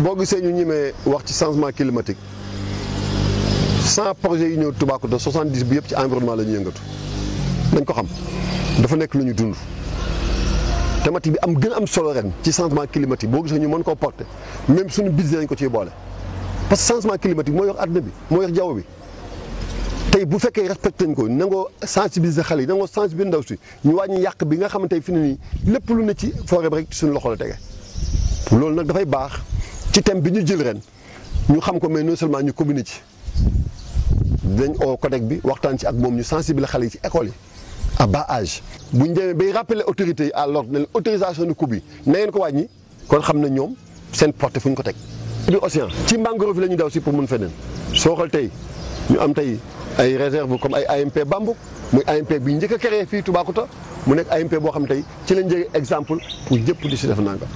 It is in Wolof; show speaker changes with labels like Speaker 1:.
Speaker 1: boo gisee ñu ñemee wax ci changement climatique cent projets yi ñëw Toubacouta soixante dix bi yëpp ci environnement la ñu yëngatu nañ ko xam dafa nekk lu ñu dund. thématique bi am gën am solo ren ci changement climatique boo gisee ñu mën koo porter même suñu budget nañ ko ciy boole parce que changement climatique moo yor àdduna bi moo yor jaww bi. tey bu fekkee respecté nañ ko nangoo sensibiliser xale yi nangoo bi ndaw si ñu wàññi yàq bi nga xamante ne fi ne nii lépp lu ne ci forêt bi rek suñu loxo la tege loolu nag dafay baax. ci thème bi ñu jël ren ñu xam ko mais non seulement ñu communiqué dañ oo CODEC bi waxtaan ci ak moom ñu sensibiliser xale yi ci école yi a bas age bu ñu demee bay rappeler autorité yi à l'ordre autorisation ni coupe yi na ngeen ko wàññi kon xam na ñoom seen porte fu ñu ko teg. bi océan ci mangrove la ñu daw si pour mun feneen soo xool tey ñu am tey ay réserve comme ay AMP Bambouk muy AMP bi njëkk a fii Toubacouta mu nekk AMP boo xam tey ci lañ jëlee exemple pour jëpp di si def nanga